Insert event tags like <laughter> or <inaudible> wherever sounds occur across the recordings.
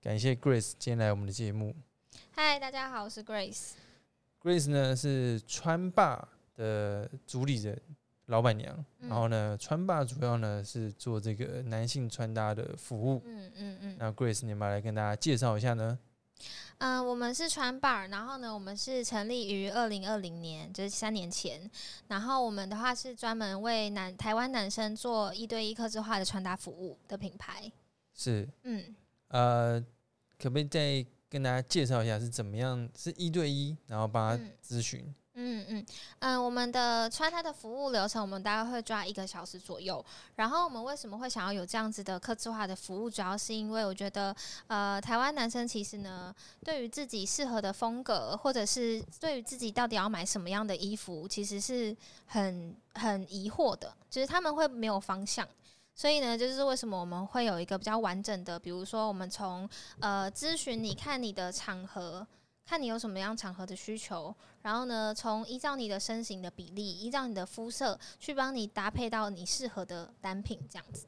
感謝 Grace 今天來我們的節目。嗨，大家好，我是 Grace。Grace 呢是穿 Bar 的主理人、老闆娘。嗯、然後呢，穿 Bar 主要呢是做這個男性穿搭的服務。嗯嗯嗯。嗯嗯那 Grace，你們來跟大家介紹一下呢？嗯、呃，我們是穿 Bar，然後呢，我們是成立於二零二零年，就是三年前。然後我們的話是專門為男台灣男生做一對一、客製化的穿搭服務的品牌。是，嗯。呃，可不可以再跟大家介紹一下是怎麼樣？是一對一，然後幫他諮詢。嗯嗯嗯、呃，我們的穿吧的服務流程，我們大概會抓一個小時左右。然後我們為什麼會想要有這樣子的客製化的服務，主要是因為我覺得，呃，台灣男生其實呢，對於自己適合的風格，或者是對於自己到底要買什麼樣的衣服，其實是很很疑惑的，就是他們會沒有方向。所以呢，就是為什麼我們會有一個比較完整的，比如說我們從呃諮詢，你看你的場合，看你有什麼樣場合的需求，然後呢，從依照你的身形的比例，依照你的膚色去幫你搭配到你適合的單品，這樣子。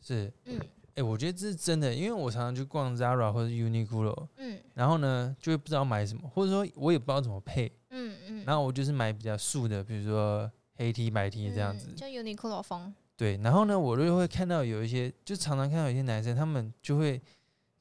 是，嗯，誒、欸，我覺得這是真的，因為我常常去逛 Zara 或者 Uniqlo，嗯，然後呢就會不知道買什麼，或者說我也不知道怎麼配，嗯嗯，然後我就是買比較素的，比如說黑 T 白 T 這樣子，嗯、就 Uniqlo 風。對，然後呢，我就會看到有一些，就常常看到有一些男生，他們就會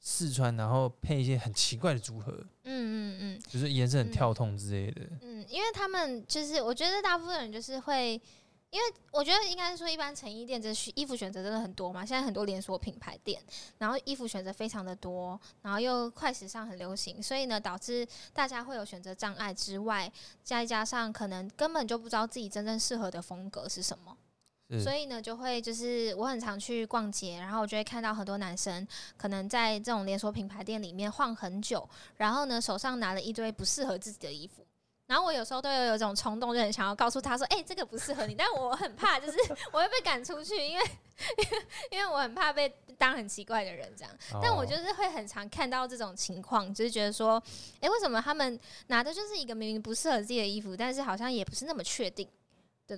試穿，然後配一些很奇怪的組合，嗯嗯嗯，嗯嗯就是顏色很跳動之類的嗯。嗯，因為他們就是，我覺得大部分人就是會，因為我覺得應該是說，一般成衣店就是選衣服選擇真的很多嘛，現在很多連鎖品牌店，然後衣服選擇非常的多，然後又快時尚很流行，所以呢，導致大家會有選擇障礙之外，再加，加上可能根本就不知道自己真正適合的風格是什麼。嗯、所以呢，就會就是我很常去逛街，然後我就會看到很多男生可能在這種連鎖品牌店裡面晃很久，然後呢，手上拿了一堆不適合自己的衣服，然後我有時候都有有一種衝動，就很想要告訴他說：“哎、欸，這個不適合你。” <laughs> 但我很怕，就是我會被趕出去，因為因為因為我很怕被當很奇怪的人這樣。但我就是會很常看到這種情況，就是覺得說：“哎、欸，為什麼他們拿的就是一個明明不適合自己的衣服，但是好像也不是那麼確定？”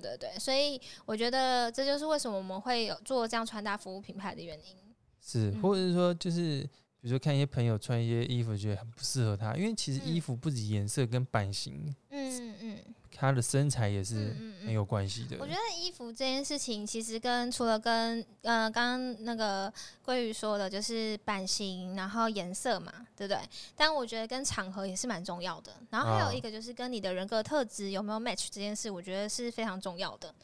對對對，所以我覺得這就是為什麼我們會有做這樣穿搭服務品牌的原因。是，嗯、或者是說，就是比如說看一些朋友穿一些衣服，覺得很不適合他，因為其實衣服不止顏色跟版型。嗯嗯嗯。是嗯嗯他的身材也是很有關係的、嗯嗯嗯。我覺得衣服這件事情，其實跟除了跟呃，剛剛那個鮭魚說的，就是版型，然後顏色嘛，對不對？但我覺得跟場合也是蠻重要的。然後還有一個就是跟你的人格特質有沒有 match 這件事，啊、我覺得是非常重要的。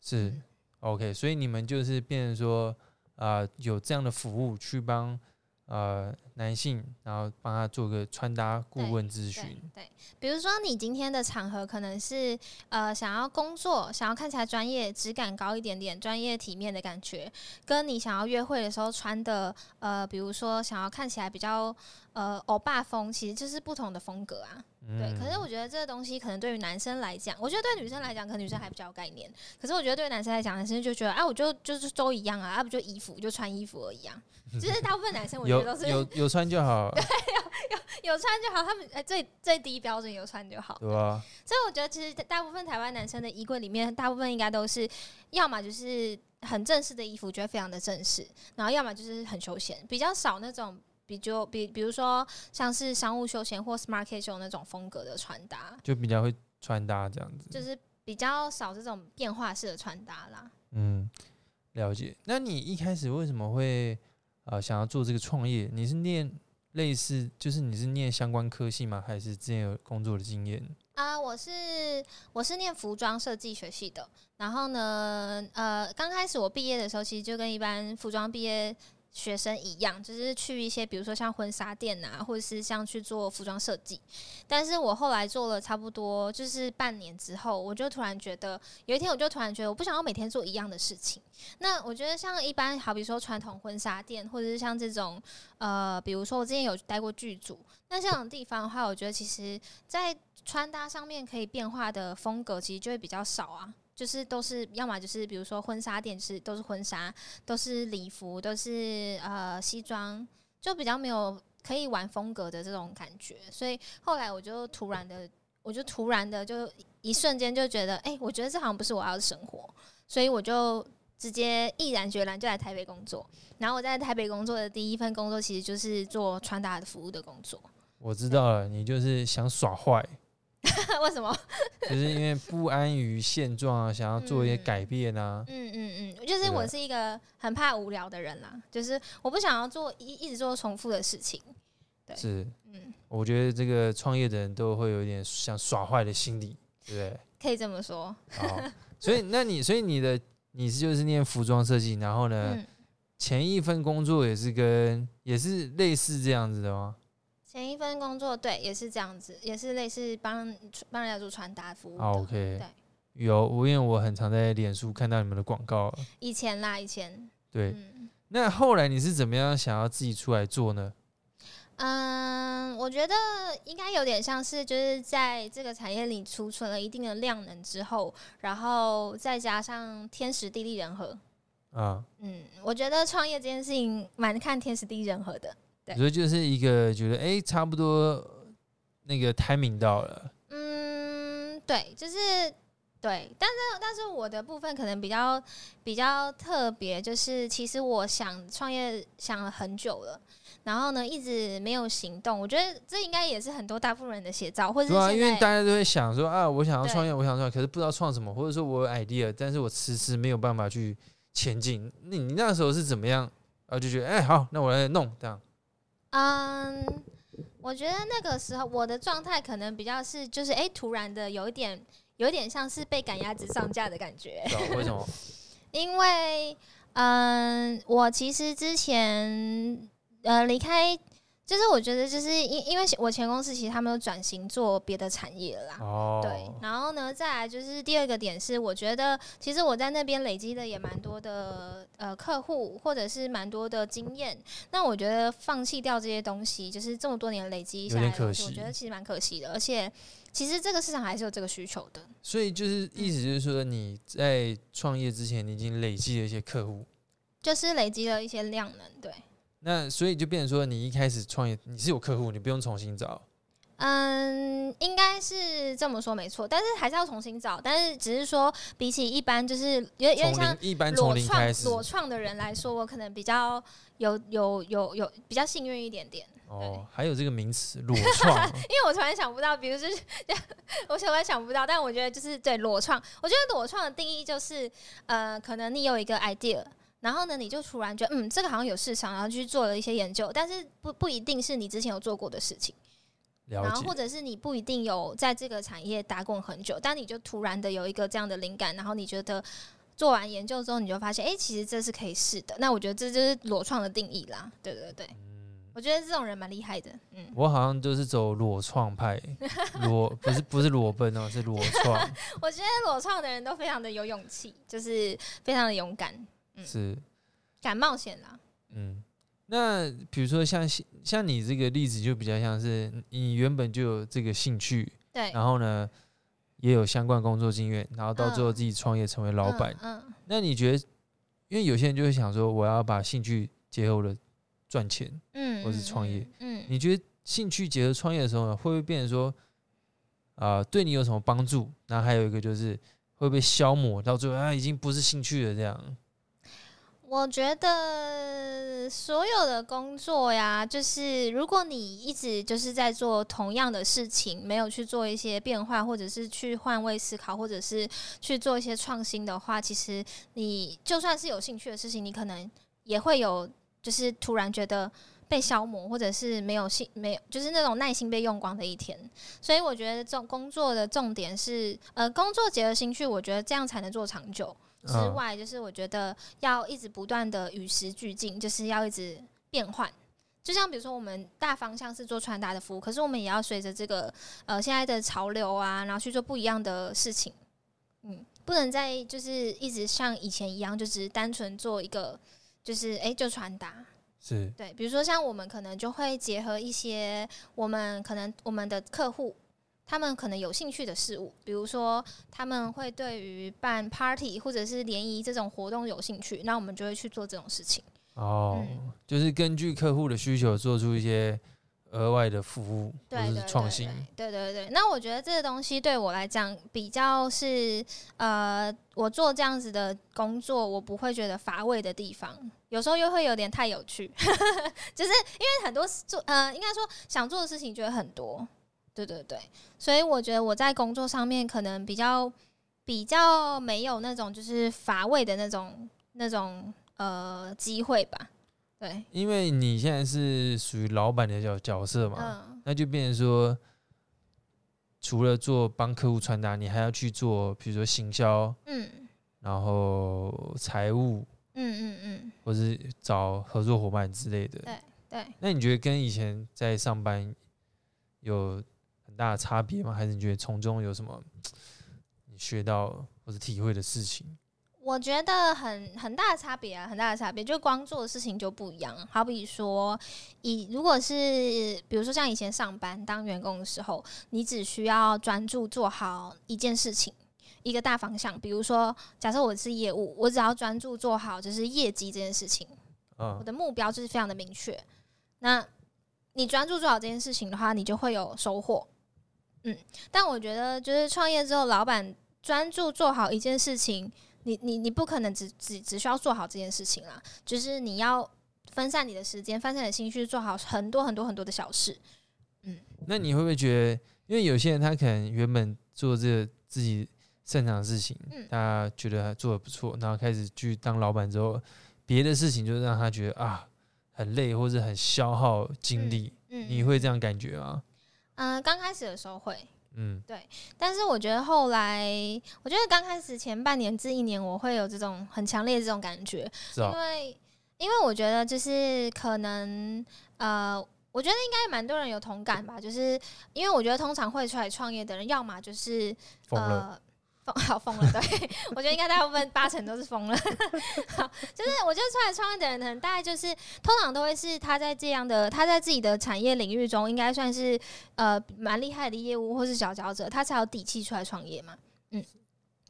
是、嗯、OK，所以你們就是變成說啊、呃，有這樣的服務去幫。呃，男性，然後幫他做個穿搭顧問諮詢。對，對，對，比如說你今天的場合可能是呃，想要工作，想要看起來專業、質感高一點點、專業體面的感覺，跟你想要約會的時候穿的呃，比如說想要看起來比較。呃，歐巴風其實就是不同的風格啊，對。嗯、可是我覺得這個東西可能對於男生來講，我覺得對女生來講，可能女生還比較有概念。可是我覺得對男生來講，男生就覺得，哎、啊，我就就是都一樣啊，要、啊、不就衣服就穿衣服而已啊。就是大部分男生，我覺得都是有有、有穿就好、啊，對，有有有、有穿就好。他們最最低標準有穿就好，對啊、嗯。所以我覺得其實大部分台灣男生的衣櫃裡面，大部分應該都是要麼就是很正式的衣服，覺得非常的正式；然後要麼就是很休閒，比較少那種。比就比比如說像是商務休閒或 smart casual 那種風格的穿搭，就比較會穿搭這樣子，就是比較少這種變化式的穿搭啦。嗯，了解。那你一開始為什麼會呃想要做這個創業？你是念類似，就是你是念相關科系嗎？還是之前有工作的經驗？啊、呃，我是我是念服裝設計學系的。然後呢，呃，剛開始我畢業的時候，其實就跟一般服裝畢業。學生一樣，就是去一些，比如說像婚紗店吶、啊，或者是像去做服裝設計。但是我後來做了差不多就是半年之後，我就突然覺得，有一天我就突然覺得，我不想要每天做一樣的事情。那我覺得像一般，好比說傳統婚紗店，或者是像這種，呃，比如說我之前有待過劇組，那像這種地方的話，我覺得其實在穿搭上面可以變化的風格，其實就會比較少啊。就是都是，要麼就是比如說婚紗店是都是婚紗，都是禮服，都是呃西裝，就比較沒有可以玩風格的這種感覺。所以後來我就突然的，我就突然的就一瞬間就覺得，哎、欸，我覺得這好像不是我要的生活。所以我就直接毅然決然就來台北工作。然後我在台北工作的第一份工作，其實就是做穿搭的服務的工作。我知道了，對你就是想耍壞。 <laughs> 為什麼？就是因為不安於現狀啊，想要做一些改變啊。嗯嗯嗯，嗯，就是我是一個很怕無聊的人啦、啊，對吧？就是我不想要做一一直做重複的事情。對，是。嗯，我覺得這個創業的人都會有一點想耍壞的心理，對不對？可以這麼說。好，所以那你，所以你的你是就是念服裝設計，然後呢，嗯、前一份工作也是跟也是類似這樣子的嗎？前一份工作對，也是這樣子，也是類似幫幫人家做穿搭服務。OK，對，有我，因為我很常在臉書看到你們的廣告。以前啦，以前。對，嗯、那後來你是怎麼樣想要自己出來做呢？嗯，我覺得應該有點像是，就是在這個產業裡儲存了一定的量能之後，然後再加上天時地利人和啊。嗯，我覺得創業這件事情蠻看天時地利人和的。所以就是一個覺得哎、欸，差不多那個 timing 到了。嗯，對，就是對，但是但是我的部分可能比較比較特別，就是其實我想創業想了很久了，然後呢一直沒有行動。我覺得這應該也是很多大部分人的寫照，或者對、啊，因為大家都會想說啊，我想要創業，對我想創業，可是不知道創什麼，或者說我有 idea，但是我遲遲沒有辦法去前進。那你那時候是怎麼樣？然、啊、後就覺得哎、欸，好，那我來弄這樣。嗯，um, 我覺得那個時候我的狀態可能比較是，就是哎、欸，突然的有一點，有點像是被趕鴨子上架的感覺。為什麼？ <laughs> 因為，嗯、um，我其實之前呃離開。就是我覺得，就是因因為，我前公司其實他們都轉型做別的產業了啦。哦。Oh. 對，然後呢，再來就是第二個點是，我覺得其實我在那邊累積的也蠻多的呃客戶，或者是蠻多的經驗。那我覺得放棄掉這些東西，就是這麼多年累積下來，我覺得其實蠻可惜的。而且，其實這個市場還是有這個需求的。所以就是意思就是說，你在創業之前，你已經累積了一些客戶，就是累積了一些量能，對。那所以就變成說，你一開始創業你是有客戶，你不用重新找。嗯，應該是這麼說沒錯，但是還是要重新找。但是只是說，比起一般就是有點像裸一般從零開始裸創的人來說，我可能比較有有有有，有比較幸運一點點。哦，還有這個名詞裸創， <laughs> 因為我突然想不到，比如就是我想我也想不到，但我覺得就是對裸創，我覺得裸創的定義就是呃，可能你有一個 idea。然後呢，你就突然覺得，嗯，這個好像有市場，然後去做了一些研究，但是不不一定是你之前有做過的事情，了解。然後或者是你不一定有在這個產業打滾很久，但你就突然的有一個這樣的靈感，然後你覺得做完研究之後，你就發現，哎，其實這是可以試的。那我覺得這就是裸創的定義啦，對對對，嗯，我覺得這種人蠻厲害的，嗯，我好像就是走裸創派， <laughs> 裸不是不是裸奔哦，是裸創。 <laughs> 我覺得裸創的人都非常的有勇氣，就是非常的勇敢。是，敢冒險的。嗯，那比如說像像你這個例子就比較像是你原本就有這個興趣，對，然後呢也有相關工作經驗，然後到最後自己創業成為老闆，嗯。嗯，嗯，那你覺得，因為有些人就會想說，我要把興趣結合了賺錢嗯嗯，嗯，或是創業，嗯，你覺得興趣結合創業的時候呢，會不會變成說啊、呃，對你有什麼幫助？然後還有一個就是會不會消磨到最後啊，已經不是興趣了這樣？我覺得所有的工作呀，就是如果你一直就是在做同樣的事情，沒有去做一些變化，或者是去換位思考，或者是去做一些創新的話，其實你就算是有興趣的事情，你可能也會有就是突然覺得被消磨，或者是沒有興沒有就是那種耐心被用光的一天。所以我覺得，這種工作的重點是，呃，工作結合興趣，我覺得這樣才能做長久。之外，就是我覺得要一直不斷的與時俱進，就是要一直變換。就像比如說，我們大方向是做傳達的服務，可是我們也要隨着這個呃，現在的潮流啊，然後去做不一樣的事情。嗯，不能再就是一直像以前一樣，就只是單純做一個就是哎、欸、就傳達。是，對。比如說像我們可能就會結合一些我們可能我們的客戶。他們可能有興趣的事物，比如說他們會對於辦 party 或者是聯誼這種活動有興趣，那我們就會去做這種事情。哦，嗯、就是根據客戶的需求做出一些額外的服務，就是創新。對對，對對對，那我覺得這個東西對我來講比較是呃，我做這樣子的工作，我不會覺得乏味的地方，有時候又會有點太有趣， <laughs> 就是因為很多做呃，應該說想做的事情覺得很多。對對對，所以我覺得我在工作上面可能比較比較沒有那種就是乏味的那種那種呃機會吧。對，因為你現在是屬於老闆的角角色嘛，嗯、那就變成說，除了做幫客戶穿搭，你還要去做，比如說行銷，嗯，然後財務，嗯嗯嗯，或是找合作夥伴之類的。對對，對那你覺得跟以前在上班有？大的差別嗎？還是你覺得從中有什麼你學到或者體會的事情？我覺得很很大的差別啊，很大的差別，就光做的事情就不一樣。好比說，以如果是比如說像以前上班當員工的時候，你只需要專注做好一件事情，一個大方向。比如說，假設我是業務，我只要專注做好就是業績這件事情，嗯，啊，我的目標就是非常的明確。那你專注做好這件事情的話，你就會有收穫。嗯，但我覺得就是創業之後，老闆專注做好一件事情，你你你不可能只只只需要做好這件事情啦，就是你要分散你的時間，分散你的心去做好很多很多很多的小事。嗯，那你會不會覺得，因為有些人他可能原本做這個自己擅長的事情，嗯、他覺得他做得不錯，然後開始去當老闆之後，別的事情就讓他覺得啊很累，或者很消耗精力，嗯嗯、你會這樣感覺嗎？嗯嗯，剛開始的時候會，嗯，對，但是我覺得後來，我覺得剛開始前半年至一年，我會有這種很強烈的這種感覺，因為，因為我覺得就是可能，呃，我覺得應該蠻多人有同感吧，就是因為我覺得通常會出來創業的人，要麼就是呃。好瘋了，對，我覺得應該大部分八成都是瘋了。 <laughs> 好，就是我覺得出來創業的人，可能大概就是通常都會是他在這樣的，他在自己的產業領域中，應該算是呃蠻厲害的業務或是佼佼者，他才有底氣出來創業嘛。嗯。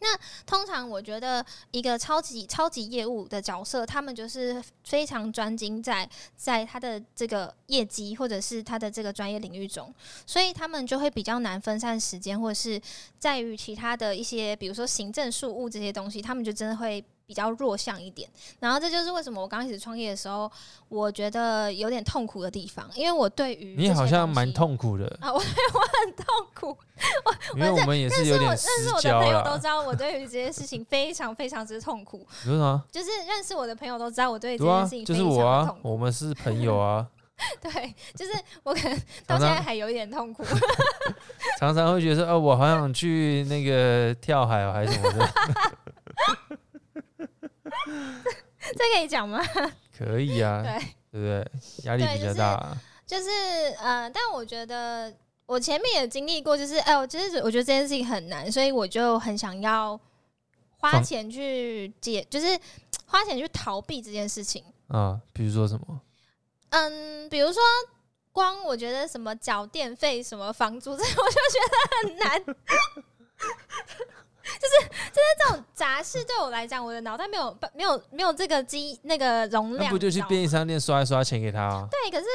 那通常我覺得，一個超級超級業務的角色，他們就是非常專精在在他的這個業績或者是他的這個專業領域中，所以他們就會比較難分散時間，或者是在於其他的一些，比如說行政事務這些東西，他們就真的會。比較弱項一點，然後這就是為什麼我剛開始創業的時候，我覺得有點痛苦的地方，因為我對於你好像蠻痛苦的啊，我對我很痛苦，嗯、我因為我們也是有點我，認識我的朋友都知道我對於這件事情非常非常之痛苦。你說什麼？就是認識我的朋友都知道我對這件事情非常痛苦。我們是朋友啊。 <laughs> 對，就是我可能到現在還有點痛苦，常常， <laughs> 常常會覺得哦、呃，我好想去那個跳海啊，還是什麼的。 <laughs> 這可以講嗎？可以啊，對，對不對？壓力比較大，啊，就是嗯、就是呃，但我覺得我前面也經歷過，就是呃，就是哎，我其實我覺得這件事情很難，所以我就很想要花錢去解，啊，就是花錢去逃避這件事情啊。比如說什麼？嗯，比如說光我覺得什麼繳電費，什麼房租，這我就覺得很難。 <laughs> 就是就是這種雜事對我來講，我的腦袋沒有沒有沒有這個機那個容量。不就去便利商店刷一刷錢給他啊？對，可是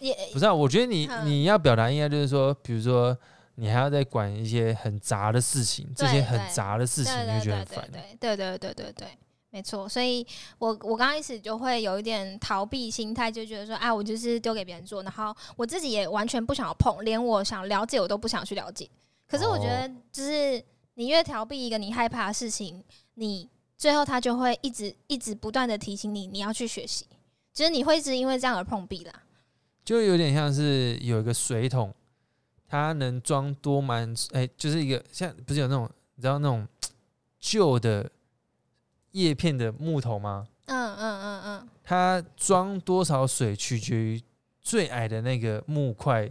也不是啊。我覺得你、嗯、你要表達應該就是說，比如說你還要再管一些很雜的事情，這些很雜的事情，對對對，你就覺得很煩？對對對對對對，沒錯。所以我我剛開始就會有一點逃避心態，就覺得說啊，我就是丟給別人做，然後我自己也完全不想要碰，連我想了解我都不想去了解。可是我覺得就是。哦你越逃避一個你害怕的事情，你最後他就會一直一直不斷的提醒你，你要去學習，其實你會一直因為這樣而碰壁的。就有點像是有一個水桶，它能裝多滿？哎、欸，就是一個像不是有那種你知道那種舊的葉片的木頭嗎？嗯嗯嗯嗯。嗯嗯嗯，它裝多少水取決於最矮的那個木塊，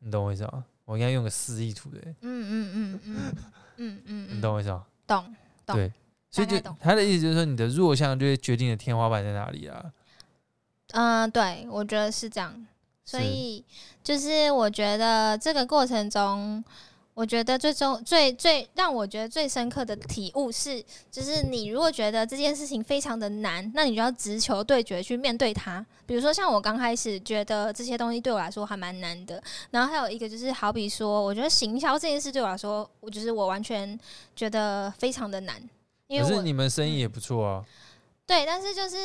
你懂我意思嗎？我應該用個示意圖的嗯，嗯嗯嗯嗯嗯嗯，嗯嗯嗯嗯 <laughs> 你懂我意思嗎？懂對懂，對，所以就他的意思就是說，你的弱項就決定了天花板在哪裡啊。嗯、呃，對，我覺得是這樣，所以是就是我覺得這個過程中。我覺得最終最最讓我覺得最深刻的體悟是，就是你如果覺得這件事情非常的難，那你就要直球對決去面對它。比如說，像我剛開始覺得這些東西對我來說還蠻難的。然後還有一個就是，好比說，我覺得行銷這件事對我來說，我就是我完全覺得非常的難，因為我可是你們生意也不錯啊、嗯。對，但是就是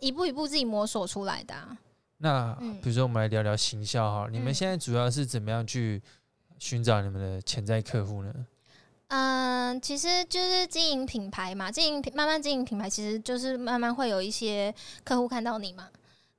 一步一步自己摸索出來的、啊。那比如說，我們來聊聊行銷哈，你們現在主要是怎麼樣去？尋找你們的潛在客戶呢？嗯、呃，其實就是經營品牌嘛，經營品慢慢經營品牌，其實就是慢慢會有一些客戶看到你嘛。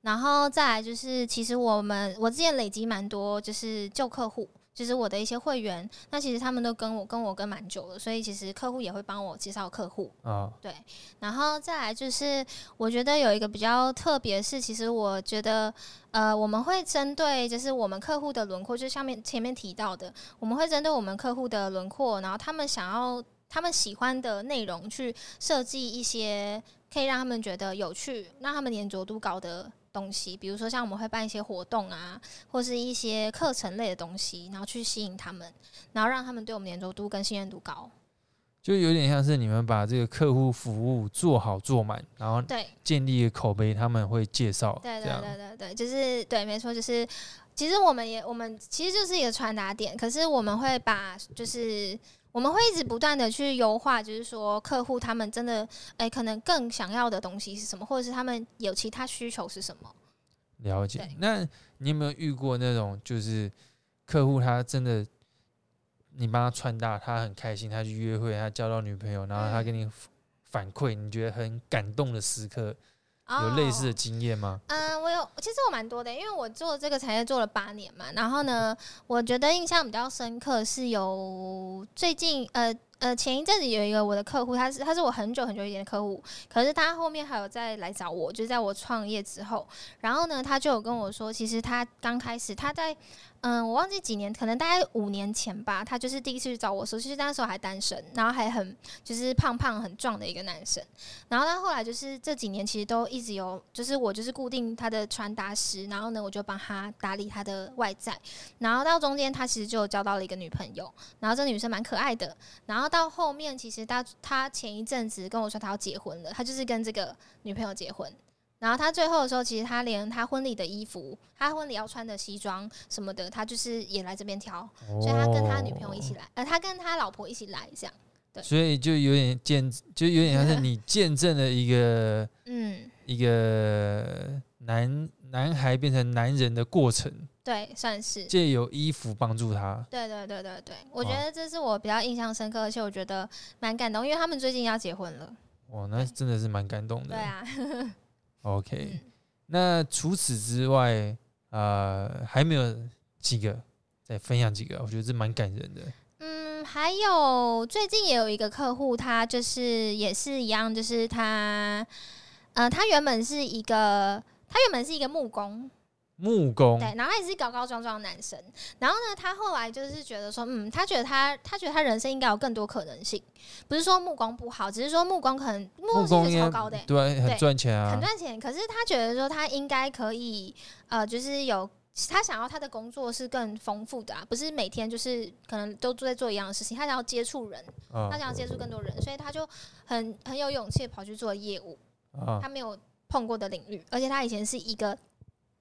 然後再來就是，其實我們我之前累積蠻多就是舊客戶。就是我的一些會員，那其實他們都跟我跟我跟蠻久了，所以其實客戶也會幫我介紹客戶，Oh. 對，然後再來就是，我覺得有一個比較特別是，其實我覺得呃，我們會針對就是我們客戶的輪廓，就下面前面提到的，我們會針對我們客戶的輪廓，然後他們想要他們喜歡的內容去設計一些。可以讓他們覺得有趣，那他們黏着度高的東西，比如說像我們會辦一些活動啊，或是一些課程類的東西，然後去吸引他們，然後讓他們對我們黏着度跟信任度高。就有點像是你們把這個客戶服務做好做滿，然後對，建立一個口碑，他們會介紹。對對對對對，就是對，沒錯，就是其實我們也我們其實就是一個傳達點，可是我們會把就是。我們會一直不斷的去優化，就是說客戶他們真的，誒、欸、可能更想要的東西是什麼，或者是他們有其他需求是什麼？了解。對那你有沒有遇過那種就是客戶他真的，你幫他穿搭，他很開心，他去約會，他交到女朋友，然後他給你反饋，你覺得很感動的時刻？嗯有類似的經驗嗎？嗯、oh, 呃，我有，其實我蠻多的，因為我做這個產業做了八年嘛。然後呢，我覺得印象比較深刻是有最近呃呃前一陣子有一個我的客戶，他是他是我很久很久以前的客戶，可是他後面還有再來找我，就是在我創業之後。然後呢，他就有跟我說，其實他剛開始他在。嗯，我忘記幾年，可能大概五年前吧，他就是第一次去找我說，其實那時候還單身，然後還很就是胖胖很壯的一個男生，然後到後來就是這幾年其實都一直有，就是我就是固定他的穿搭師，然後呢我就幫他打理他的外在，然後到中間他其實就交到了一個女朋友，然後這個女生蠻可愛的，然後到後面其實他他前一陣子跟我說他要結婚了，他就是跟這個女朋友結婚。然後他最後的時候，其實他連他婚禮的衣服、他婚禮要穿的西裝什麼的，他就是也來這邊挑，哦、所以他跟他女朋友一起來，呃，他跟他老婆一起來，這樣，對，所以就有點見，就有點像是你見證了一個，嗯，一個男男孩變成男人的過程，對，算是借由衣服幫助他，對對對對對，我覺得這是我比較印象深刻，而且我覺得蠻感動，哦、因為他們最近要結婚了，哇，那真的是蠻感動的，對，對啊。 <laughs> OK，嗯，那除此之外，呃，還沒有幾個，再分享幾個，我覺得這蠻感人的。嗯，還有最近也有一個客戶，他就是也是一樣，就是他，呃，他原本是一個，他原本是一個木工。木工對，然後他也是高高壯壯的男生，然後呢，他後來就是覺得說，嗯，他覺得他，他覺得他人生應該有更多可能性，不是說木工不好，只是說木工木工可能木工超高的，對，很賺錢啊，很賺錢。可是他覺得說，他應該可以，呃，就是有他想要他的工作是更豐富的，啊，不是每天就是可能都在做一樣的事情，他想要接觸人，啊、他想要接觸更多人，所以他就很很有勇氣跑去做業務，啊、他沒有碰過的領域，而且他以前是一個。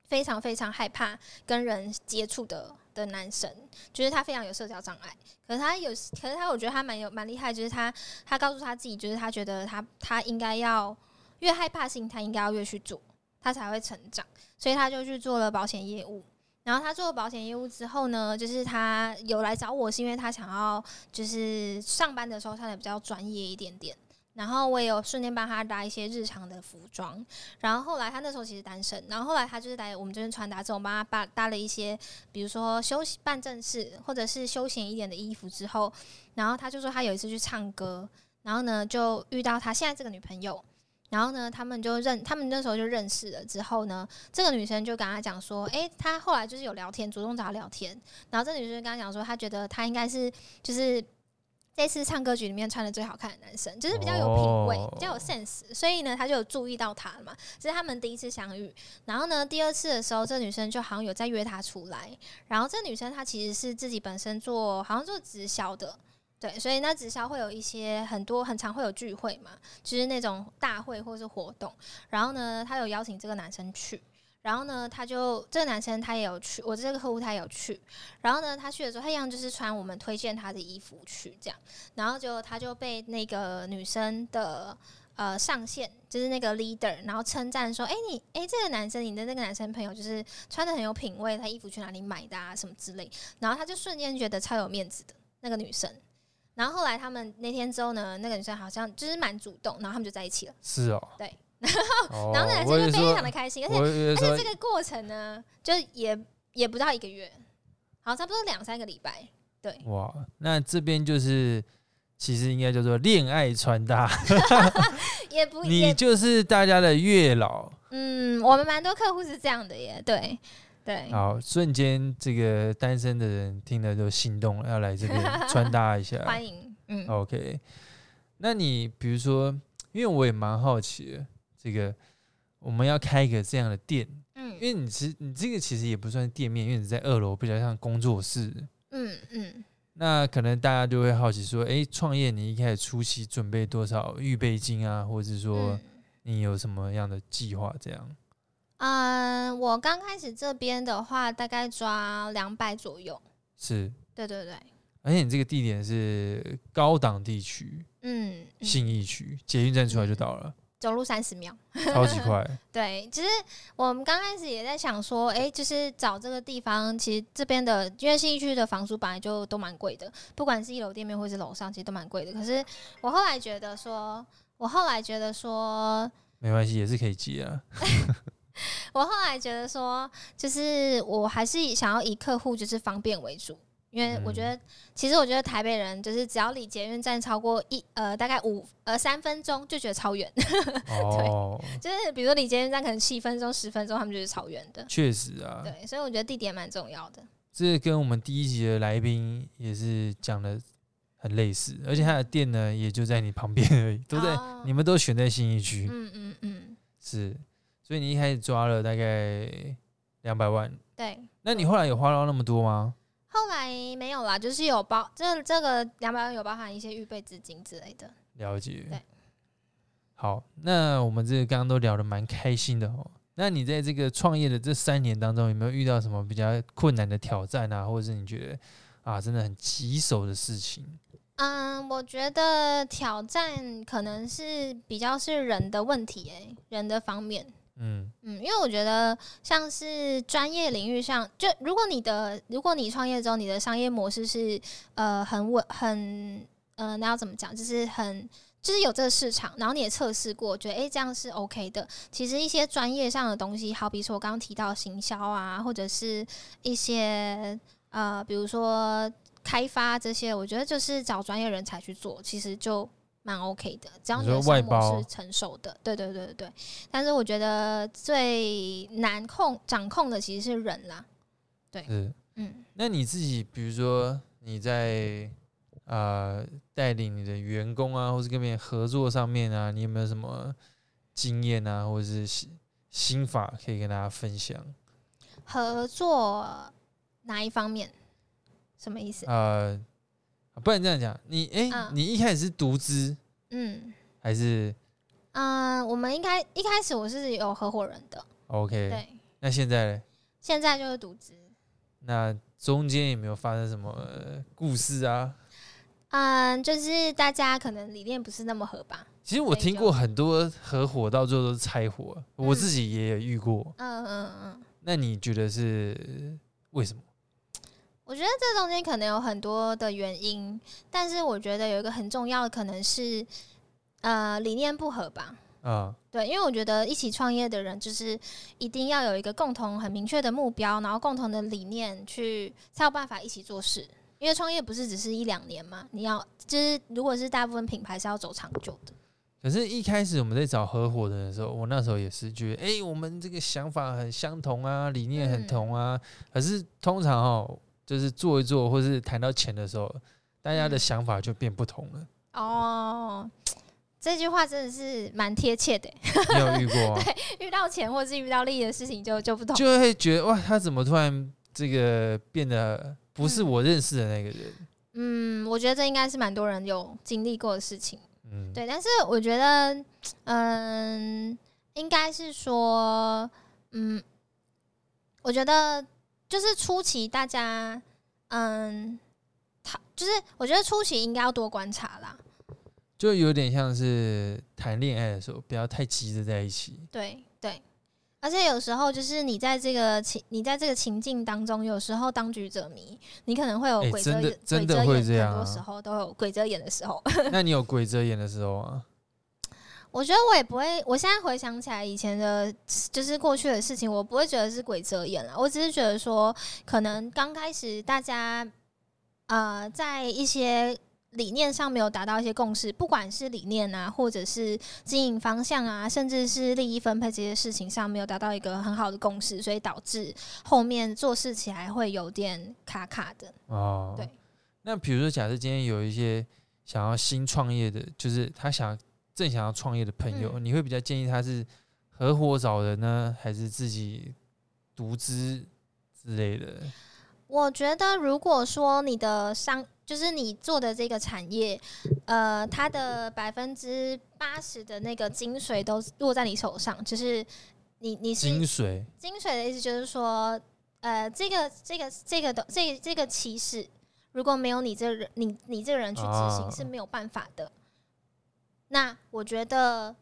非常非常害怕跟人接觸的的男生，就是他非常有社交障礙。可是他有，可是他我覺得他蠻有蠻厲害，就是他他告訴他自己，就是他覺得他他應該要越害怕事情，他應該要越去做，他才會成長。所以他就去做了保險業務。然後他做了保險業務之後呢，就是他有來找我，是因為他想要就是上班的時候，他也比較專業一點點。然後我也有順便幫他搭一些日常的服裝，然後後來他那時候其實單身，然後後來他就是來我們這邊穿搭之後，我幫他搭搭了一些，比如說休息、辦正事或者是休閒一點的衣服之後，然後他就說他有一次去唱歌，然後呢就遇到他現在這個女朋友，然後呢他們就認他們那時候就認識了之後呢，這個女生就跟他講說，誒、欸，他後來就是有聊天，主動找他聊天，然後這女生跟他講說，他覺得他應該是就是。這次唱歌局裡面穿的最好看的男生，就是比較有品味、oh. 比較有 sense，所以呢，他就有注意到他了嘛。這、就是他們第一次相遇，然後呢，第二次的時候，這女生就好像有在約他出來。然後這女生她其實是自己本身做，好像做直銷的，對，所以那直銷會有一些很多很常會有聚會嘛，就是那種大會或是活動。然後呢，她有邀請這個男生去。然後呢，他就這個男生他也有去，我這個客戶他也有去。然後呢，他去的時候，他一樣就是穿我們推薦他的衣服去，這樣。然後就他就被那個女生的呃上線，就是那個 leader，然後稱讚說：“哎、欸，你、欸、哎，這個男生，你的那個男生朋友就是穿的很有品味，他衣服去哪裡買的啊，什麼之類，然後他就瞬間覺得超有面子的那個女生。然後後來他們那天之後呢，那個女生好像就是蠻主動，然後他們就在一起了。是哦。對。 <laughs> 然後，男生就非常的開心，而且是而且這個過程呢，就也也不到一個月，好差不多兩三個禮拜。對，哇，那這邊就是其實應該叫做戀愛穿搭， <laughs> <laughs> 也不，你就是大家的月老。嗯，我們蠻多客戶是這樣的耶，對對。好，瞬間這個單身的人聽了就心動了，要來這邊穿搭一下， <laughs> 歡迎，嗯，OK。那你比如說，因為我也蠻好奇的。這個我們要開一個這樣的店，嗯，因為你其實你這個其實也不算店面，因為你在二樓，比較像工作室，嗯嗯。嗯，那可能大家就會好奇說，哎、欸，創業你一開始初期準備多少預備金啊？或者說你有什麼樣的計劃？這樣？嗯，呃、我剛開始這邊的話，大概抓兩百左右。是，對對對。而且你這個地點是高檔地區，嗯，嗯，信義區，捷運站出來就到了。嗯走路三十秒，超級快。 <laughs> 對，其實我們剛開始也在想說，哎、欸，就是找這個地方，其實這邊的因為信義區的房租本來就都蠻貴的，不管是一樓店面或是樓上，其實都蠻貴的。可是我後來覺得說，我後來覺得說，沒關係，也是可以接啊。 <laughs> 我後來覺得說，就是我還是想要以客戶就是方便為主。因為我覺得，嗯、其實我覺得台北人就是只要離捷運站超過一呃大概五呃三分鐘就覺得超遠。哦，對，就是比如說離捷運站可能七分鐘、十分鐘，他們就覺得超遠的。確實啊，對，所以我覺得地點蠻重要的。這跟我們第一集的來賓也是講得很類似，而且他的店呢也就在你旁邊而已，都在。哦，你們都選在信義區。嗯，嗯嗯嗯，是，所以你一開始抓了大概兩百萬，對，那你後來有花到那麼多嗎？後來沒有啦，就是有包這這個兩百萬有包含一些預備資金之類的。了解，對。好，那我們這個剛剛都聊得蠻開心的哦。那你在這個創業的這三年當中，有沒有遇到什麼比較困難的挑戰啊？或者是你覺得啊，真的很棘手的事情？嗯，我覺得挑戰可能是比較是人的問題，欸，哎，人的方面。嗯嗯，因為我覺得像是專業領域上，就如果你的如果你創業之後，你的商業模式是呃很穩很呃，那要怎麼講？就是很就是有這個市場，然後你也測試過，覺得誒、欸、這樣是 OK 的。其實一些專業上的東西，好比說我剛剛提到行銷啊，或者是一些呃，比如說開發這些，我覺得就是找專業人才去做，其實就。蠻 OK 的，只要你的外包是成熟的，對對對對對。但是我覺得最難控掌控的其實是人啦，對，是嗯。那你自己，比如說你在啊、呃、帶領你的員工啊，或是跟別人合作上面啊，你有沒有什麼經驗啊，或者是心心法可以跟大家分享？合作哪一方面？什麼意思？呃。不然這樣講，你哎、欸，你一開始是獨資，嗯，還是，嗯，我們應該一開始我是有合夥人的，OK，對，那現在呢？現在就是獨資。那中間有沒有發生什麼故事啊？嗯，就是大家可能理念不是那麼合吧。其實我聽過很多合夥到最後都是拆夥，嗯、我自己也有遇過，嗯嗯嗯。嗯嗯嗯，那你覺得是為什麼？我覺得這中間可能有很多的原因，但是我覺得有一個很重要的可能是，呃，理念不合吧。嗯、啊，對，因為我覺得一起創業的人就是一定要有一個共同很明確的目標，然後共同的理念去才有辦法一起做事。因為創業不是只是一兩年嘛，你要就是如果是大部分品牌是要走長久的。可是，一開始我們在找合夥的人的時候，我那時候也是覺得，哎、欸，我們這個想法很相同啊，理念很同啊，嗯、可是通常哦、喔。就是做一做，或是談到錢的時候，大家的想法就變不同了。嗯、哦，這句話真的是蠻貼切的。沒有遇過、啊？ <laughs> 對，遇到錢或是遇到利益的事情就，就就不同了。就會覺得哇，他怎麼突然這個變得不是我認識的那個人？嗯，嗯，我覺得這應該是蠻多人有經歷過的事情。嗯，對。但是我覺得，嗯、呃，應該是說，嗯，我覺得。就是初期大家，嗯，他就是我覺得初期應該要多觀察啦，就有點像是談戀愛的時候，不要太急着在一起。對對，而且有時候就是你在這個情你在這個情境當中，有時候當局者迷，你可能會有鬼遮、欸、鬼遮眼，真的會這樣啊，很多時候都有鬼遮眼的時候。 <laughs> 那你有鬼遮眼的時候啊？我覺得我也不會。我現在回想起來以前的，就是過去的事情，我不會覺得是鬼遮眼了。我只是覺得說，可能剛開始大家呃，在一些理念上沒有達到一些共識，不管是理念啊，或者是經營方向啊，甚至是利益分配這些事情上沒有達到一個很好的共識，所以導致後面做事起來會有點卡卡的。哦，對。那比如說，假設今天有一些想要新創業的，就是他想。正想要創業的朋友，嗯、你會比較建議他是合夥找人呢，還是自己獨資之類的？我覺得，如果說你的商就是你做的這個產業，呃，它的百分之八十的那個精髓都落在你手上，就是你，你是精髓水。精髓的意思就是說，呃，這個，這個，這個的，這個、這個其實，如果沒有你這人，你你這個人去執行是沒有辦法的。啊那我覺得，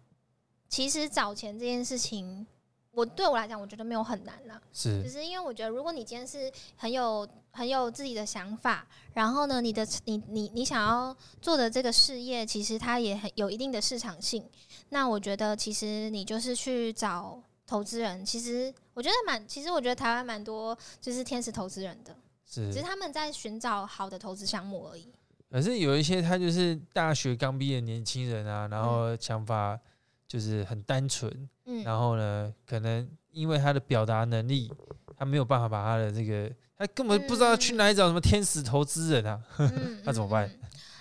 其實找錢這件事情，我對我來講，我覺得沒有很難啦、啊。是，只是因為我覺得，如果你今天是很有很有自己的想法，然後呢你，你的你你你想要做的這個事業，其實它也很有一定的市場性。那我覺得，其實你就是去找投資人。其實我覺得蠻，其實我覺得台灣蠻多就是天使投資人的，是，只是他們在尋找好的投資項目而已。可是有一些他就是大學剛畢業的年輕人啊，然後想法就是很單純，嗯，然後呢，可能因為他的表達能力，他沒有辦法把他的這個，他根本不知道去哪裡找什麼天使投資人啊，那怎麼辦？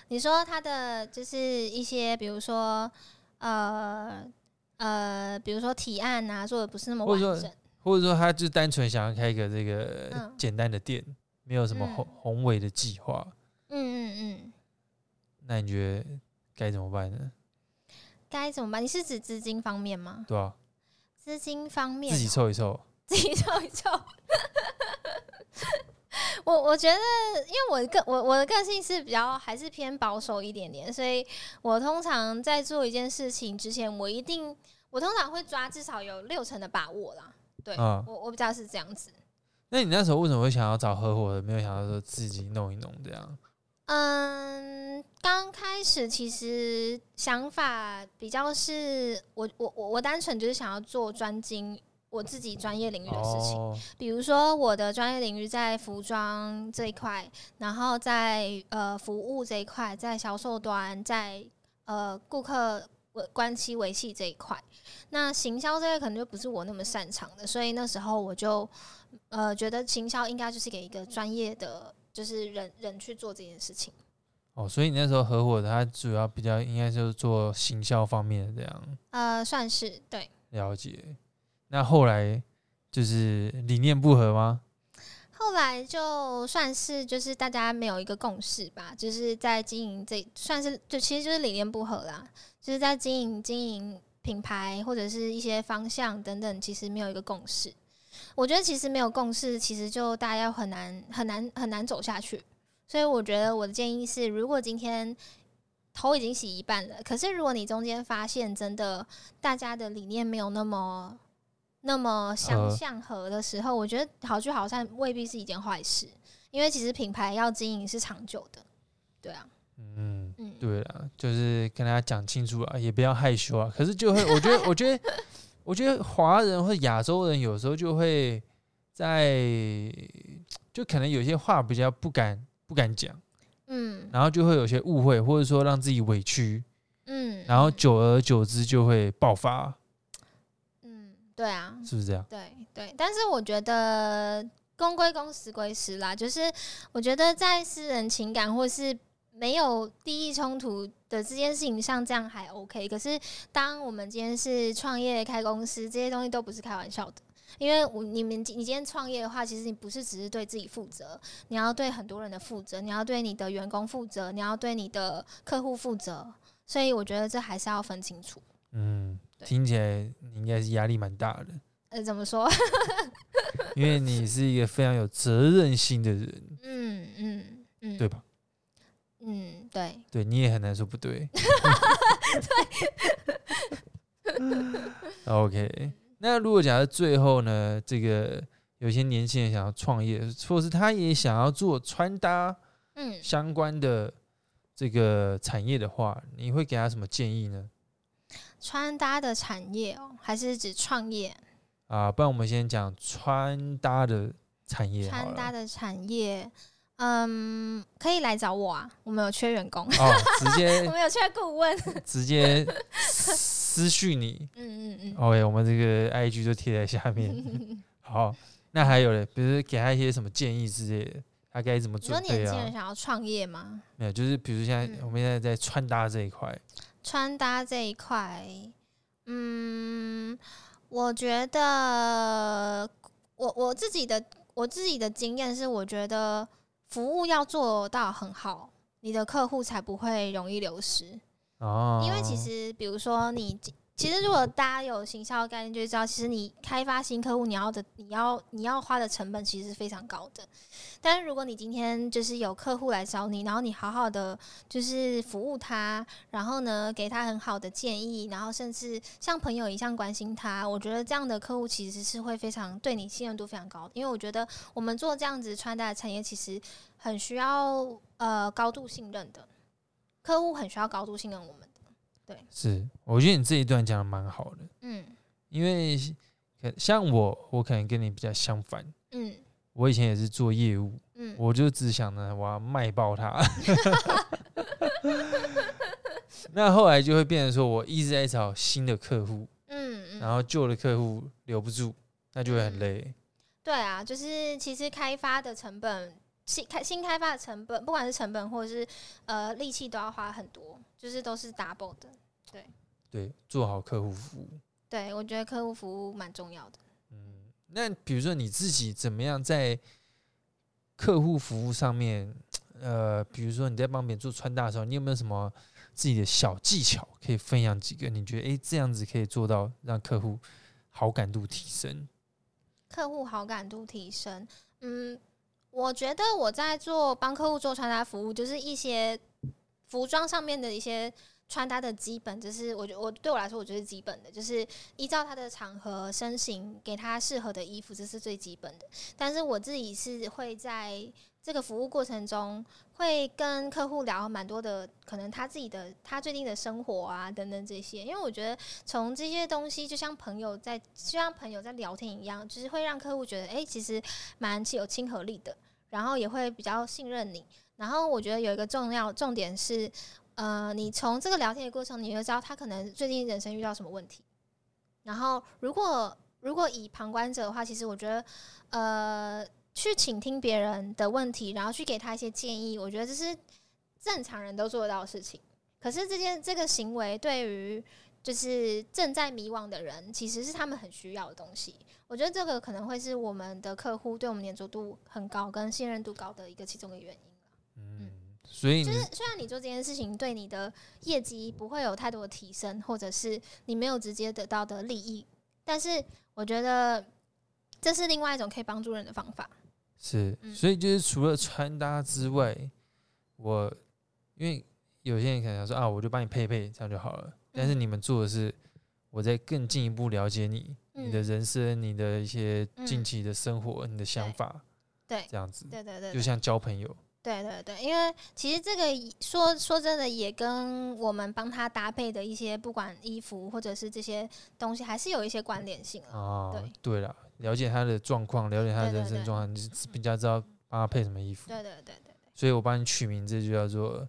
你說他的就是一些，比如說呃呃，比如說提案啊，做的不是那麼完整，或者說，或者說他就單純想要開一個這個簡單的店，嗯，沒有什麼宏宏偉的計劃。嗯嗯嗯嗯，那你覺得該怎麼辦呢？該怎麼辦？你是指資金方面嗎？對啊，資金方面，喔、自己湊一湊，自己湊一湊。我我覺得，因為我個我我的個性是比較還是偏保守一點點，所以我通常在做一件事情之前，我一定我通常會抓至少有六成的把握啦。對啊，我我比較是這樣子。那你那時候為什麼會想要找合夥的，沒有想到說自己弄一弄這樣？嗯，剛開始其實想法比較是我，我我我我單純就是想要做專精我自己專業領域的事情，oh. 比如說我的專業領域在服裝這一塊，然後在呃服務這一塊，在銷售端，在呃顧客關係維繫這一塊，那行銷這個可能就不是我那麼擅長的，所以那時候我就呃覺得行銷應該就是給一個專業的。就是人人去做這件事情，哦，所以你那時候合夥的，他主要比較應該就是做行銷方面的這樣，呃，算是對了解。那後來就是理念不合嗎？後來就算是就是大家沒有一個共識吧，就是在經營這算是就其實就是理念不合啦，就是在經營經營品牌或者是一些方向等等，其實沒有一個共識。我覺得其實沒有共識，其實就大家很難、很難、很難走下去。所以我覺得我的建議是，如果今天頭已經洗一半了，可是如果你中間發現真的大家的理念沒有那麼、那麼相像合的時候，呃、我覺得好聚好散未必是一件壞事，因為其實品牌要經營是長久的。對啊，嗯，嗯對啊，就是跟大家講清楚啊，也不要害羞啊。可是就會，我覺得，我覺得。 <laughs> 我覺得華人或亞洲人有時候就會在，就可能有些話比較不敢不敢講，嗯，然後就會有些誤會，或者說讓自己委屈，嗯，然後久而久之就會爆發，嗯，對啊，是不是這樣？對對，但是我覺得公歸公，私歸私啦，就是我覺得在私人情感或是。沒有利益衝突的這件事情，像這樣還 OK。可是，當我們今天是創業開公司，這些東西都不是開玩笑的。因為我你們你今天創業的話，其實你不是只是對自己負責，你要對很多人的負責，你要對你的員工負責，你要對你的客戶負責。所以，我覺得這還是要分清楚。嗯，對聽起來你應該是壓力蠻大的。呃，怎麼說？ <laughs> 因為你是一個非常有責任心的人。嗯嗯嗯，嗯嗯對吧？嗯，對，對你也很難說不對。 <laughs> <laughs> 對 <laughs> ，OK。那如果假設最後呢，這個有些年輕人想要創業，或是他也想要做穿搭，嗯，相關的這個產業的話，嗯，你會給他什麼建議呢？穿搭的產業哦，還是指創業啊？不然我們先講穿搭的產業。穿搭的產業。嗯，可以來找我啊！我們有缺員工，哦，直接 <laughs> 我們有缺顧問，直接私訊你。嗯嗯嗯。嗯嗯、OK、oh yeah, 我們這個 IG 就貼在下面。嗯嗯、好，那還有嘞，比如說給他一些什麼建議之類的，他該怎麼做、啊？備你說你既然想要創業嗎？沒有，就是比如說現在，我們現在在穿搭這一塊、嗯。穿搭這一塊，嗯，我覺得我我自己的我自己的經驗是，我覺得。服務要做到很好，你的客戶才不會容易流失。Oh. 因為其實比如說你。其實，如果大家有行銷的概念，就是、知道其實你開發新客戶，你要的、你要、你要花的成本其實是非常高的。但是，如果你今天就是有客戶來找你，然後你好好的就是服務他，然後呢，給他很好的建議，然後甚至像朋友一樣關心他，我覺得這樣的客戶其實是會非常對你信任度非常高的。因為我覺得我們做這樣子穿戴的產業，其實很需要呃高度信任的客戶，很需要高度信任我們。對是，我覺得你這一段講的蠻好的。嗯，因為像我，我可能跟你比較相反。嗯，我以前也是做業務，嗯，我就只想着我要賣爆它。 <laughs> <laughs> <laughs> 那後來就會變成說，我一直在找新的客戶。嗯，然後舊的客戶留不住，那就會很累。嗯、對啊，就是其實開發的成本，新開新開發的成本，不管是成本或者是呃力氣，都要花很多，就是都是 double 的。對對，做好客戶服務。對，我覺得客戶服務蠻重要的。嗯，那比如說你自己怎麼樣在客戶服務上面，呃，比如說你在幫別人做穿搭的時候，你有沒有什麼自己的小技巧可以分享幾個？你覺得哎，這樣子可以做到讓客戶好感度提升？客戶好感度提升，嗯，我覺得我在做幫客戶做穿搭服務，就是一些服裝上面的一些。穿搭的基本就是，我覺我對我來說，我覺得是基本的就是依照他的場合身、身形給他適合的衣服，這是最基本的。但是我自己是會在這個服務過程中會跟客戶聊蠻多的，可能他自己的他最近的生活啊等等這些，因為我覺得從這些東西就像朋友在就像朋友在聊天一樣，就是會讓客戶覺得哎、欸，其實蠻有親和力的，然後也會比較信任你。然後我覺得有一個重要重點是，呃，你從這個聊天的過程，你就知道他可能最近人生遇到什麼問題。然後，如果如果以旁觀者的話，其實我覺得，呃，去傾聽別人的問題，然後去給他一些建議，我覺得這是正常人都做得到的事情。可是，這件這個行為對於就是正在迷惘的人，其實是他們很需要的東西。我覺得這個可能會是我們的客戶對我們黏着度很高、跟信任度高的一個其中的原因了。嗯。嗯。所以是就是雖然你做這件事情對你的業績不會有太多的提升，或者是你沒有直接得到的利益，但是我覺得這是另外一種可以幫助人的方法。是，所以就是除了穿搭之外，嗯、我因為有些人可能想說啊，我就幫你配配，這樣就好了。但是你們做的是、嗯、我再更進一步了解你，嗯、你的人生，你的一些近期的生活，嗯、你的想法，對，對這樣子，對對，對對對，就像交朋友。對對對，因為其實這個說說真的，也跟我們幫他搭配的一些不管衣服或者是這些東西，還是有一些關聯性哦，對了、啊，了解他的狀況，了解他的人生狀況，嗯、對對對，你是比較知道幫他配什麼衣服？對對對對對。所以我幫你取名字就叫做。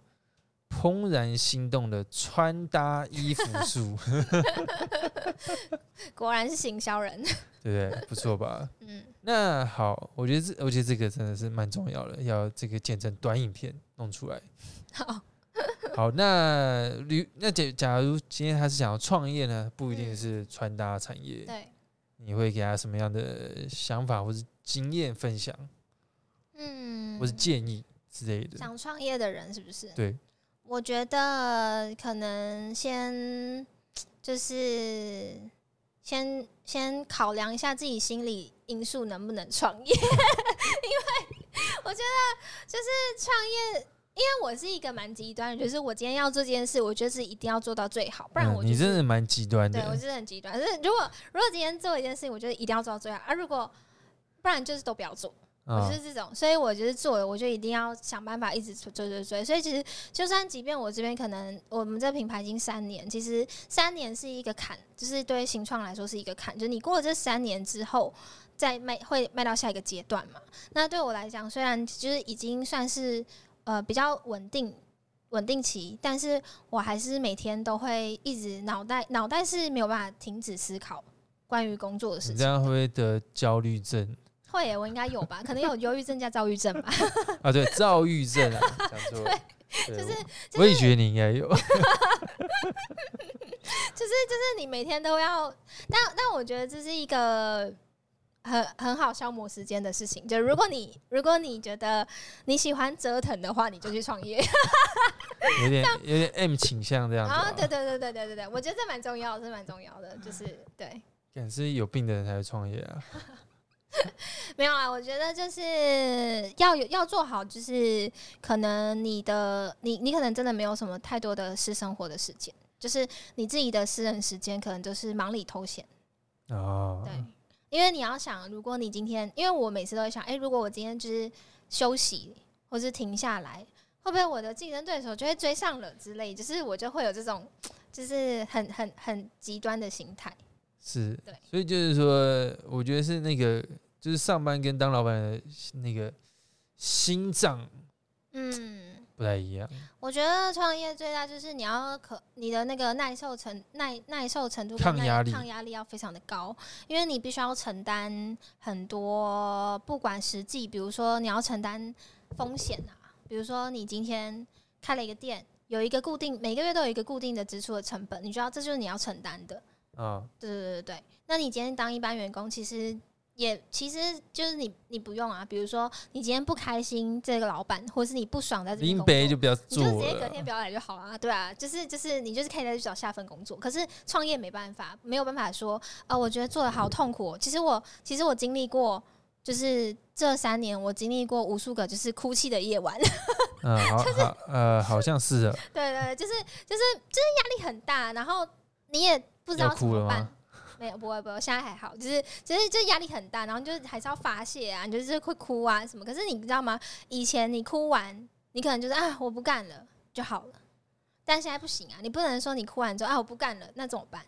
怦然心動的穿搭衣服術， <laughs> 果然是行銷人，對不對？不錯吧？嗯，那好，我覺得這，我覺得這個真的是蠻重要的，要這個剪成短影片弄出來。好， <laughs> 好，那那假假如今天他是想要創業呢，不一定是穿搭產業，嗯、對，你會給他什麼樣的想法或是經驗分享？嗯，或是建議之類的。想創業的人是不是？對。我覺得可能先就是先先考量一下自己心理因素能不能創業， <laughs> 因為我覺得就是創業，因為我是一個蠻極端的，就是我今天要做這件事，我覺得是一定要做到最好，不然我、嗯、你真的蠻極端的，對，我真的很極端。就是如果如果今天做一件事情，我覺得一定要做到最好，啊，如果不然就是都不要做。我是這種，所以我就是做，我就一定要想辦法一直追追追。所以其實，就算即便我這邊可能，我們這品牌已經三年，其實三年是一個坎，就是對新創來說是一個坎，就是你過了這三年之後，再賣會賣到下一個階段嘛。那對我來講，雖然就是已經算是呃比較穩定穩定期，但是我還是每天都會一直腦袋腦袋是沒有辦法停止思考關於工作的事情。你這樣會不會得焦慮症？會、欸，我應該有吧，可能有憂鬱症加躁鬱症吧。啊，對，躁鬱症啊， <laughs> 講錯 <laughs> 對，就是。我也、就是、覺得你應該有 <laughs> 、就是。就是就是，你每天都要，但但我覺得這是一個很很好消磨時間的事情。就如果你如果你覺得你喜歡折騰的話，你就去創業 <laughs> 有。有點有點 M 傾向這樣子。 <laughs> 啊，對對對對對對，我覺得這蠻重要，這蠻重要的，就是對。感是有病的人才會創業啊。 <laughs> 沒有啊，我覺得就是要有要做好，就是可能你的你你可能真的沒有什麼太多的私生活的時間，就是你自己的私人時間可能就是忙裡偷閒哦。Oh. 對，因為你要想，如果你今天，因為我每次都會想，哎、欸，如果我今天就是休息或是停下來，會不會我的競爭對手就會追上了之類，就是我就會有這種就是很很很極端的心態。是，對，所以就是說，我覺得是那個。就是上班跟當老闆的那個心臟，嗯，不太一樣。我覺得創業最大就是你要可你的那個耐受程耐耐受程度，抗壓力抗壓力，力要非常的高，因為你必須要承擔很多，不管實際，比如說你要承擔風險啊，比如說你今天開了一個店，有一個固定每個月都有一個固定的支出的成本，你知道這就是你要承擔的對、哦、對對對，那你今天當一般員工，其實。也其實就是你，你不用啊。比如說，你今天不開心，這個老闆，或是你不爽，在這邊，林北就不要做了，你就直接隔天不要來就好了啊。對啊，就是就是你就是可以再去找下份工作。可是創業沒辦法，沒有辦法說啊、呃，我覺得做的好痛苦。其實我其實我經歷過，就是這三年我經歷過無數個就是哭泣的夜晚。嗯、 <laughs> 就是呃，好像是的、啊。 <laughs> 對，對對，就是就是就是壓力很大，然後你也不知道怎麼辦。沒有，不會，不會，現在還好，就是，就是，就壓力很大，然後就是還是要發洩啊，你就是會哭啊什麼。可是你知道嗎？以前你哭完，你可能就是啊，我不幹了就好了，但現在不行啊，你不能說你哭完之後啊，我不幹了，那怎麼辦？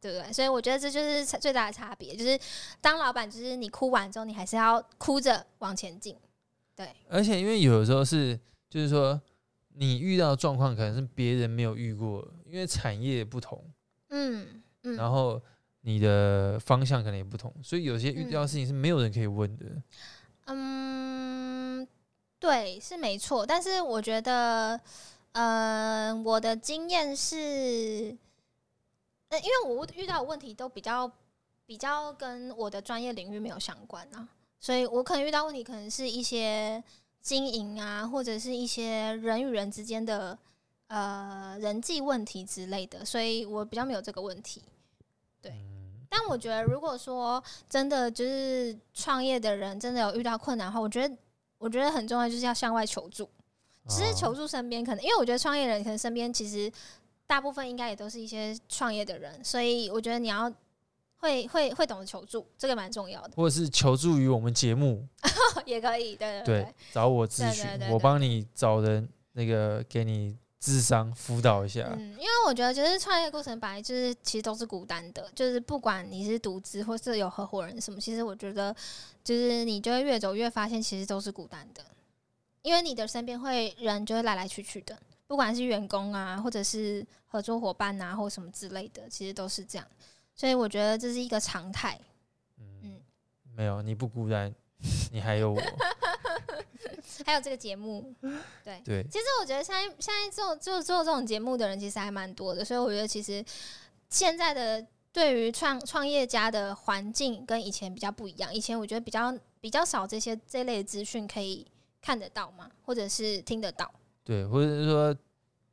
對不對？所以我覺得這就是最大的差別，就是當老闆，就是你哭完之後，你還是要哭着往前進。對，而且因為有的時候是，就是說你遇到的狀況可能是別人沒有遇過，因為產業不同，嗯嗯，嗯然後。你的方向可能也不同，所以有些遇到的事情是沒有人可以問的。嗯，對，是沒錯。但是我覺得，呃，我的經驗是，呃，因為我遇到的問題都比較比較跟我的專業領域沒有相關啊，所以我可能遇到問題可能是一些經營啊，或者是一些人與人之間的呃人際問題之類的，所以我比較沒有這個問題。對。嗯但我覺得，如果說真的就是創業的人真的有遇到困難的話，我覺得我覺得很重要就是要向外求助，只是求助身邊，可能因為我覺得創業人可能身邊其實大部分應該也都是一些創業的人，所以我覺得你要會會會懂得求助，這個蠻重要的，或者是求助於我們節目 <laughs> 也可以，對對對，對，對，找我諮詢，我幫你找人那個給你。諮商輔導一下。嗯，因為我覺得就是創業過程本來就是其實都是孤單的，就是不管你是獨資或是有合夥人什麼，其實我覺得就是你就會越走越發現其實都是孤單的，因為你的身邊會人就會來來去去的，不管是員工啊或者是合作夥伴啊或什麼之類的，其實都是這樣，所以我覺得這是一個常態。嗯，嗯，沒有，你不孤單，你還有我。 <laughs> <laughs> 還有這個節目，對對，其實我覺得現在現在做做做這種節目的人其實還蠻多的，所以我覺得其實現在的對於創創業家的環境跟以前比較不一樣，以前我覺得比較比較少這些這類資訊可以看得到嘛，或者是聽得到，對，或者是說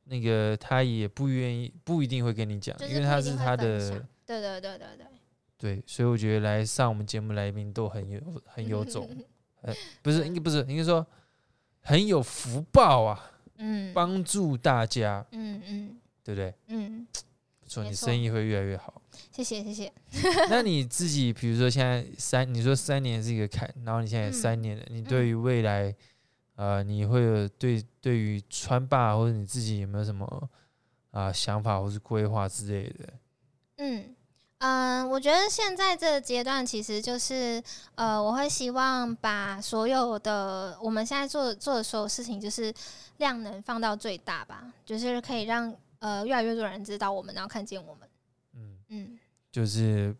那個他也不願意，不一定會跟你講，因為他是他的，對對對對對對，對，所以我覺得來上我們節目來賓都很有很有種。 <laughs> 呃，不是，應該不是，應該說很有福報啊，嗯，幫助大家，嗯嗯，嗯，對不對？嗯，不錯，沒錯，你生意會越來越好。謝謝，謝謝。嗯、那你自己，比如說現在三，你說三年是一個坎，然後你現在也三年了，嗯、你對於未來，呃，你會有對對於穿吧或者你自己有沒有什麼啊、呃、想法或者是規劃之類的？嗯。嗯，我覺得現在這個階段其實就是，呃，我會希望把所有的我們現在做做的所有事情，就是量能放到最大吧，就是可以讓呃越來越多人知道我們，然後看見我們。嗯嗯，嗯就是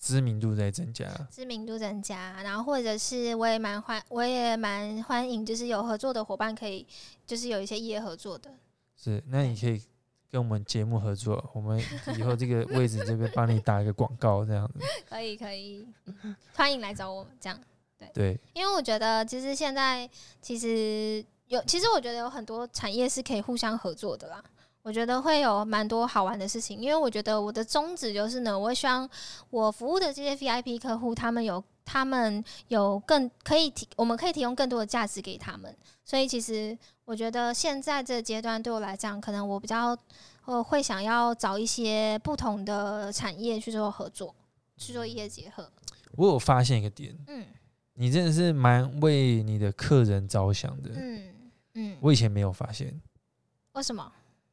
知名度在增加，知名度增加，然後或者是我也蠻歡，我也蠻歡迎，就是有合作的夥伴可以，就是有一些業合作的。是，那你可以，嗯。跟我們節目合作，我們以後這個位置這邊幫你打一個廣告，這樣子。 <laughs> 可以可以，歡迎來找我，這樣對。對，對因為我覺得其實現在其實有，其實我覺得有很多產業是可以互相合作的啦。我覺得會有蠻多好玩的事情，因為我覺得我的宗旨就是呢，我會希望我服務的這些 VIP 客戶，他們有。他們有更可以提，我們可以提供更多的價值給他們。所以，其實我覺得現在這階段對我來講，可能我比較呃會想要找一些不同的產業去做合作，去做異業結合。我有發現一個點，嗯，你真的是蠻為你的客人着想的，嗯嗯，嗯，我以前沒有發現。為什麼？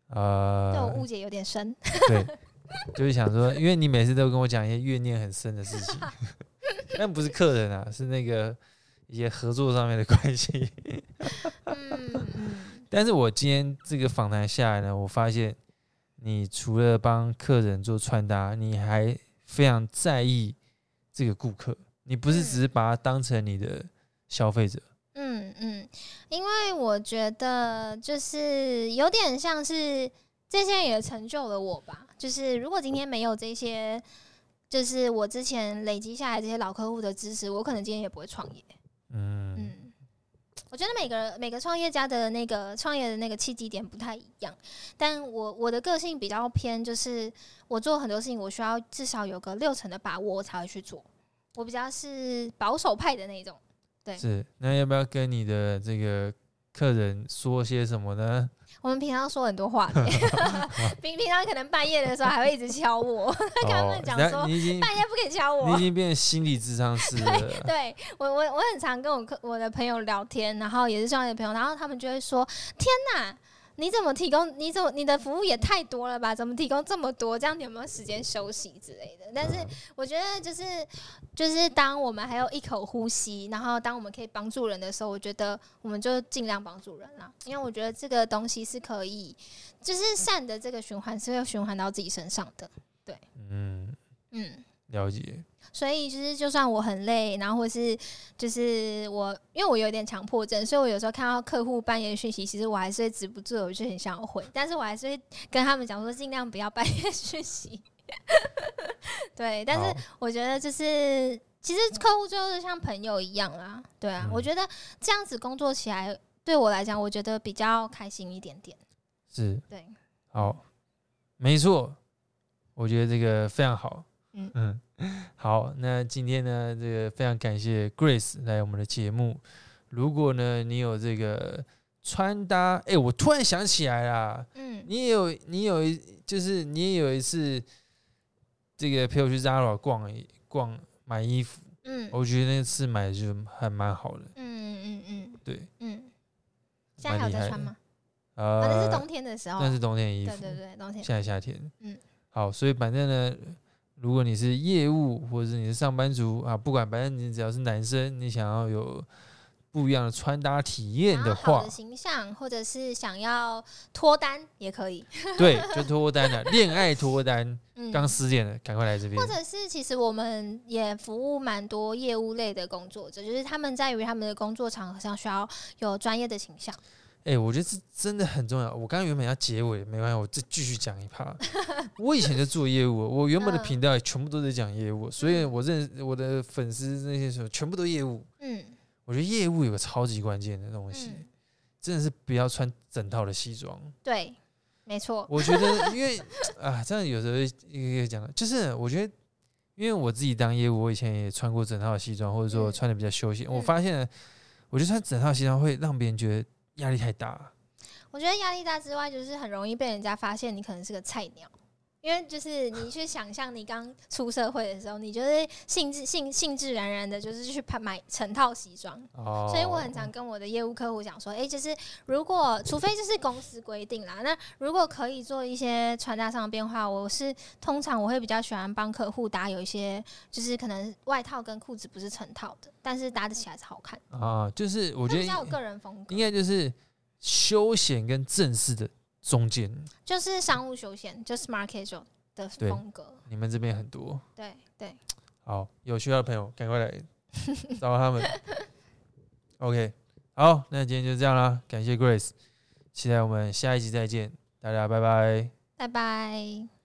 呃，對，我誤解有點深，對， <laughs> 就是想說，因為你每次都跟我講一些怨念很深的事情。 <laughs> 但不是客人啊，是那個一些合作上面的關係。 <laughs> 嗯，但是我今天這個訪談下來呢，我發現你除了幫客人做穿搭，你還非常在意這個顧客，你不是只是把他當成你的消費者。嗯嗯，因為我覺得就是有點像是這些人也成就了我吧，就是如果今天沒有這些。就是我之前累積下來這些老客戶的知識，我可能今天也不會創業。嗯，嗯我覺得每個人每個創業家的那個創業的那個契機點不太一樣，但我我的個性比較偏，就是我做很多事情，我需要至少有個六成的把握我才會去做，我比較是保守派的那種。對，是，那要不要跟你的這個客人說些什麼呢？我們平常說很多話，平 <laughs> 好平常可能半夜的時候還會一直敲我，哦、 <laughs> 跟他們講說，半夜不可以敲我，你已， <laughs> 你已經變成心理諮商師了。對，對，我我我很常跟我客我的朋友聊天，然後也是這樣的朋友，然後他們就會說：天哪！你怎麼提供？你怎麼你的服務也太多了吧？怎麼提供這麼多？這樣你有沒有時間休息之類的？但是我覺得就是就是當我們還有一口呼吸，然後當我們可以幫助人的時候，我覺得我們就盡量幫助人了，因為我覺得這個東西是可以，就是善的這個循環是要循環到自己身上的。對，嗯嗯。嗯了解，所以就是，就算我很累，然後或是就是我，因為我有點強迫症，所以我有時候看到客戶半夜訊息，其實我還是會止不住，我就很想要回，但是我還是會跟他們講說，盡量不要半夜訊息。 <laughs> 對，但是我覺得就是，好其實客戶就是像朋友一樣啊，對啊，嗯、我覺得這樣子工作起來，對我來講，我覺得比較開心一點點。是，對，好，沒錯，我覺得這個非常好。嗯嗯。嗯好，那今天呢，這個非常感謝 Grace 來我們的節目。如果呢，你有這個穿搭，哎，我突然想起來啦，嗯，你也有你有一，就是你也有一次這個陪我去 Zara 逛逛買衣服，嗯，我覺得那次買的就還蠻好的，嗯嗯嗯，對，嗯，嗯嗯對，現在還在穿嗎？呃，那是冬天的時候，啊，那是冬天的衣服，對對對，冬天，現在夏天，嗯，好，所以反正呢。如果你是業務，或者是你是上班族啊，不管反正你只要是男生，你想要有不一樣的穿搭體驗的話，的形象，或者是想要脫單也可以， <laughs> 對，就脫單了，戀愛脫單， <laughs> 嗯、剛失戀的，趕快來這邊。或者是其實我們也服務蠻多業務類的工作者，就是他們在於他們的工作場合上需要有專業的形象。哎、欸，我覺得這真的很重要。我剛剛原本要結尾，沒關係，我再繼續講一趴。 <laughs> 我以前就做業務，我原本的頻道也全部都在講業務，嗯、所以我認我的粉絲那些什麼全部都業務。嗯，我覺得業務有個超級關鍵的東西，嗯、真的是不要穿整套的西裝。對，沒錯。我覺得因為 <laughs> 啊，真的有時候一個講，就是我覺得因為我自己當業務，我以前也穿過整套的西裝，或者說穿的比較休閒，嗯、我發現，我就穿整套的西裝會讓別人覺得。壓力太大，我覺得壓力大之外，就是很容易被人家發現你可能是個菜鳥。因為就是你去想象，你剛出社會的時候，你就是興致興興致然然的，就是去拍買成套西裝。哦。Oh. 所以我很常跟我的業務客戶講說，哎、欸，就是如果除非就是公司規定啦，那如果可以做一些穿搭上的變化，我是通常我會比較喜歡幫客戶搭有一些，就是可能外套跟褲子不是成套的，但是搭得起來是好看。Oh. 啊，就是我覺得應該有個人風格。應該就是休閒跟正式的。中間就是商務休閒，就是、smart casual 的風格。你們這邊很多，對對。對好，有需要的朋友趕快來 <laughs> 找他們。OK，好，那今天就這樣啦，感謝 Grace，期待我們下一集再見，大家拜拜，拜拜。